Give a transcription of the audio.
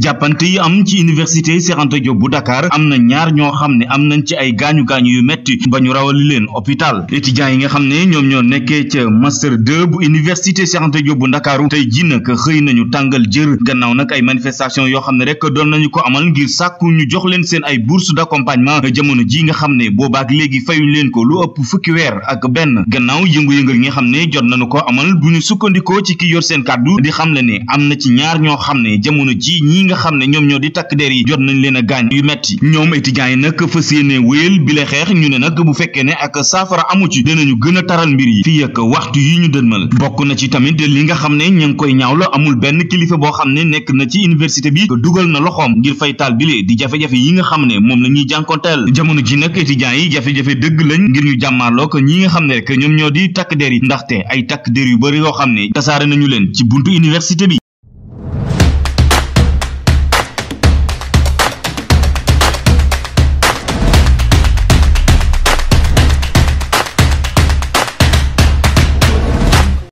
jàppante yi am ci université Cheikh Anta Diop bu Dakar am na ñaar ñoo xam ne am nañ ci ay gaañu gaañu yu metti ba ñu rawali leen hôpital étudiants yi nga xam ne ñoom ñoo nekkee ca master 2 bu université Cheikh Anta Diop bu Ndakaaru tey ji nag xëy nañu tàngal jër gannaaw nag ay manifestation yoo xam ne rek doon nañu ko amal ngir sàkku ñu jox leen seen ay bourse d'accompagnement jamono ji nga xam ne boobaak léegi fayuñ leen ko lu ëpp fukki weer ak benn gannaaw yëngu-yëngal yi nga xam ne jot nañu ko amal bu sukkandikoo ci ki yor seen kàddu di xam le ne am na ci ñaar ñoo xam nga xam ne ñoom ñoo di takk der yi jot nañ leen gaañ yu metti ñoom étudiants yi nag fas yéene wéyal bi la xeex ñu ne nag bu fekkee ne ak saafara amu ci dinañu gën a taral mbir yi fii ak waxtu yi ñu mal bokk na ci tamit li nga xam ne ñu ngi koy ñaaw la amul benn kilifa boo xam ne nekk na ci université bi dugal na loxoom ngir fay taal bile di jafe-jafe yi nga xam ne moom la ñuy jànkonteel jamono ji nag étudiants yi jafe-jafe dëgg lañ ngir ñu jàmmaarloo ko ñi xam ne ñoom ñoo di takk der yi ndaxte ay takk der yu bari yoo xam ne tasaare nañu leen ci buntu université bi